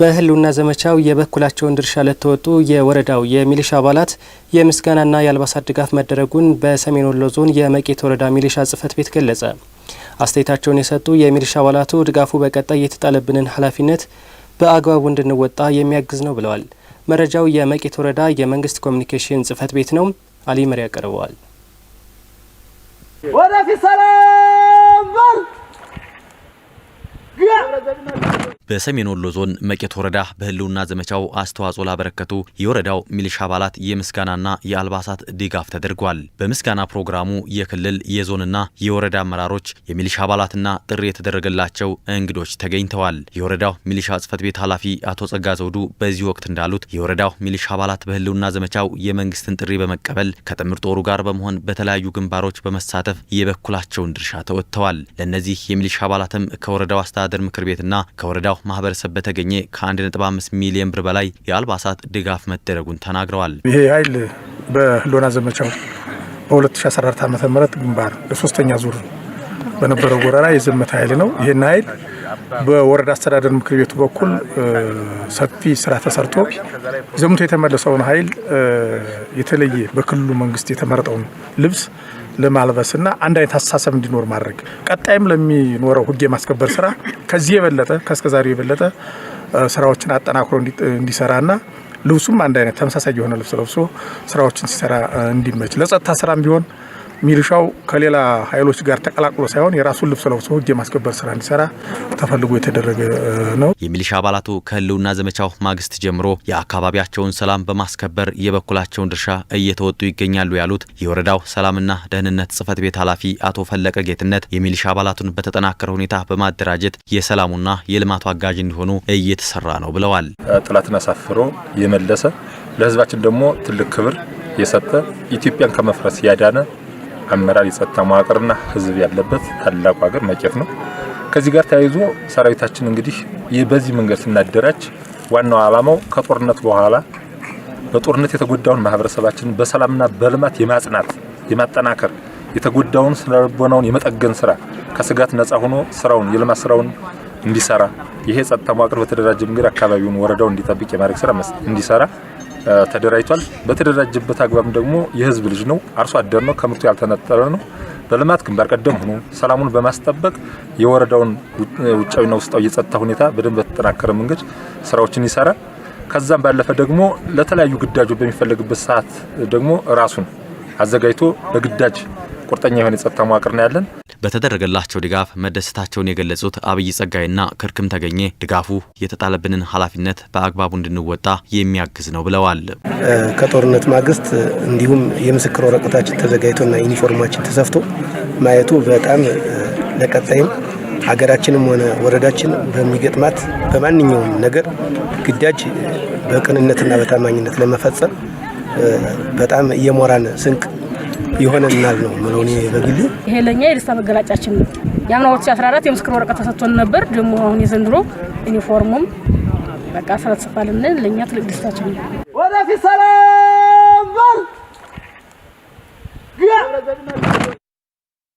በህልውና ዘመቻው የበኩላቸውን ድርሻ ለተወጡ የወረዳው የሚሊሻ አባላት የምስጋናና የአልባሳት ድጋፍ መደረጉን በሰሜን ወሎ ዞን የመቄት ወረዳ ሚሊሻ ጽህፈት ቤት ገለጸ። አስተያየታቸውን የሰጡ የሚሊሻ አባላቱ ድጋፉ በቀጣይ የተጣለብንን ኃላፊነት በአግባቡ እንድንወጣ የሚያግዝ ነው ብለዋል። መረጃው የመቄት ወረዳ የመንግስት ኮሚኒኬሽን ጽፈት ቤት ነው። አሊ መሪ ያቀርበዋል። ወደፊት ሰላም በሰሜን ወሎ ዞን መቄት ወረዳ በህልውና ዘመቻው አስተዋጽኦ ላበረከቱ የወረዳው ሚሊሻ አባላት የምስጋናና የአልባሳት ድጋፍ ተደርጓል። በምስጋና ፕሮግራሙ የክልል የዞንና የወረዳ አመራሮች፣ የሚሊሻ አባላትና ጥሪ የተደረገላቸው እንግዶች ተገኝተዋል። የወረዳው ሚሊሻ ጽህፈት ቤት ኃላፊ አቶ ጸጋ ዘውዱ በዚህ ወቅት እንዳሉት የወረዳው ሚሊሻ አባላት በህልውና ዘመቻው የመንግስትን ጥሪ በመቀበል ከጥምር ጦሩ ጋር በመሆን በተለያዩ ግንባሮች በመሳተፍ የበኩላቸውን ድርሻ ተወጥተዋል። ለእነዚህ የሚሊሻ አባላትም ከወረዳው አስተዳደር ምክር ቤትና ከወረዳው ከመላው ማህበረሰብ በተገኘ ከ1.5 ሚሊዮን ብር በላይ የአልባሳት ድጋፍ መደረጉን ተናግረዋል። ይሄ ኃይል በህልውና ዘመቻው በ2014 ዓ ም ግንባር ለሶስተኛ ዙር በነበረው ወረራ የዘመተ ኃይል ነው። ይህን ኃይል በወረዳ አስተዳደር ምክር ቤቱ በኩል ሰፊ ስራ ተሰርቶ ዘምቶ የተመለሰውን ኃይል የተለየ በክልሉ መንግስት የተመረጠውን ልብስ ለማልበስና አንድ አይነት አስተሳሰብ እንዲኖር ማድረግ ቀጣይም ለሚኖረው ህግ የማስከበር ስራ ከዚህ የበለጠ ከእስከዛሬው የበለጠ ስራዎችን አጠናክሮ እንዲሰራና ልብሱም አንድ አይነት ተመሳሳይ የሆነ ልብስ ለብሶ ስራዎችን ሲሰራ እንዲመች ለጸጥታ ስራም ቢሆን ሚሊሻው ከሌላ ኃይሎች ጋር ተቀላቅሎ ሳይሆን የራሱን ልብስ ለብሶ ህግ የማስከበር ስራ እንዲሰራ ተፈልጎ የተደረገ ነው። የሚሊሻ አባላቱ ከህልውና ዘመቻው ማግስት ጀምሮ የአካባቢያቸውን ሰላም በማስከበር የበኩላቸውን ድርሻ እየተወጡ ይገኛሉ ያሉት የወረዳው ሰላምና ደህንነት ጽህፈት ቤት ኃላፊ አቶ ፈለቀ ጌትነት የሚሊሻ አባላቱን በተጠናከረ ሁኔታ በማደራጀት የሰላሙና የልማቱ አጋዥ እንዲሆኑ እየተሰራ ነው ብለዋል። ጥላትን አሳፍሮ የመለሰ ለህዝባችን ደግሞ ትልቅ ክብር የሰጠ ኢትዮጵያን ከመፍረስ ያዳነ አመራር፣ የጸጥታ መዋቅርና ህዝብ ያለበት ታላቁ ሀገር መቄት ነው። ከዚህ ጋር ተያይዞ ሰራዊታችን እንግዲህ በዚህ መንገድ ስናደራጅ ዋናው ዓላማው ከጦርነት በኋላ በጦርነት የተጎዳውን ማህበረሰባችንን በሰላምና በልማት የማጽናት የማጠናከር የተጎዳውን ስነልቦናውን የመጠገን ስራ ከስጋት ነጻ ሆኖ ስራውን የልማት ስራውን እንዲሰራ ይሄ ጸጥታ መዋቅር በተደራጀ መንገድ አካባቢውን ወረዳው እንዲጠብቅ የማድረግ ስራ እንዲሰራ ተደራጅቷል። በተደራጀበት አግባብ ደግሞ የህዝብ ልጅ ነው፣ አርሶ አደር ነው፣ ከምርቱ ያልተነጠረ ነው። በልማት ግንባር ቀደም ሆኖ ሰላሙን በማስጠበቅ የወረዳውን ውጫዊና ውስጣዊ የጸጥታ ሁኔታ በደንብ በተጠናከረ መንገድ ስራዎችን ይሰራል። ከዛም ባለፈ ደግሞ ለተለያዩ ግዳጆች በሚፈለግበት ሰዓት ደግሞ ራሱን አዘጋጅቶ በግዳጅ ቁርጠኛ የሆነ የጸጥታ መዋቅር ነው ያለን። በተደረገላቸው ድጋፍ መደሰታቸውን የገለጹት አብይ ጸጋይና ክርክም ተገኘ ድጋፉ የተጣለብንን ኃላፊነት በአግባቡ እንድንወጣ የሚያግዝ ነው ብለዋል። ከጦርነት ማግስት እንዲሁም የምስክር ወረቀታችን ተዘጋጅቶና ዩኒፎርማችን ተሰፍቶ ማየቱ በጣም ለቀጣይም ሀገራችንም ሆነ ወረዳችን በሚገጥማት በማንኛውም ነገር ግዳጅ በቅንነትና በታማኝነት ለመፈጸም በጣም የሞራን ስንቅ ይሆነናል ነው የምለው እኔ በግሌ። ይሄ ለእኛ የደስታ መገላጫችን ነው። የአምና 2014 የምስክር ወረቀት ተሰጥቶን ነበር። ደግሞ አሁን የዘንድሮ ዩኒፎርሙም በቃ ስለተሰፋልን ለእኛ ትልቅ ደስታችን ነው። ወደፊት ሰላም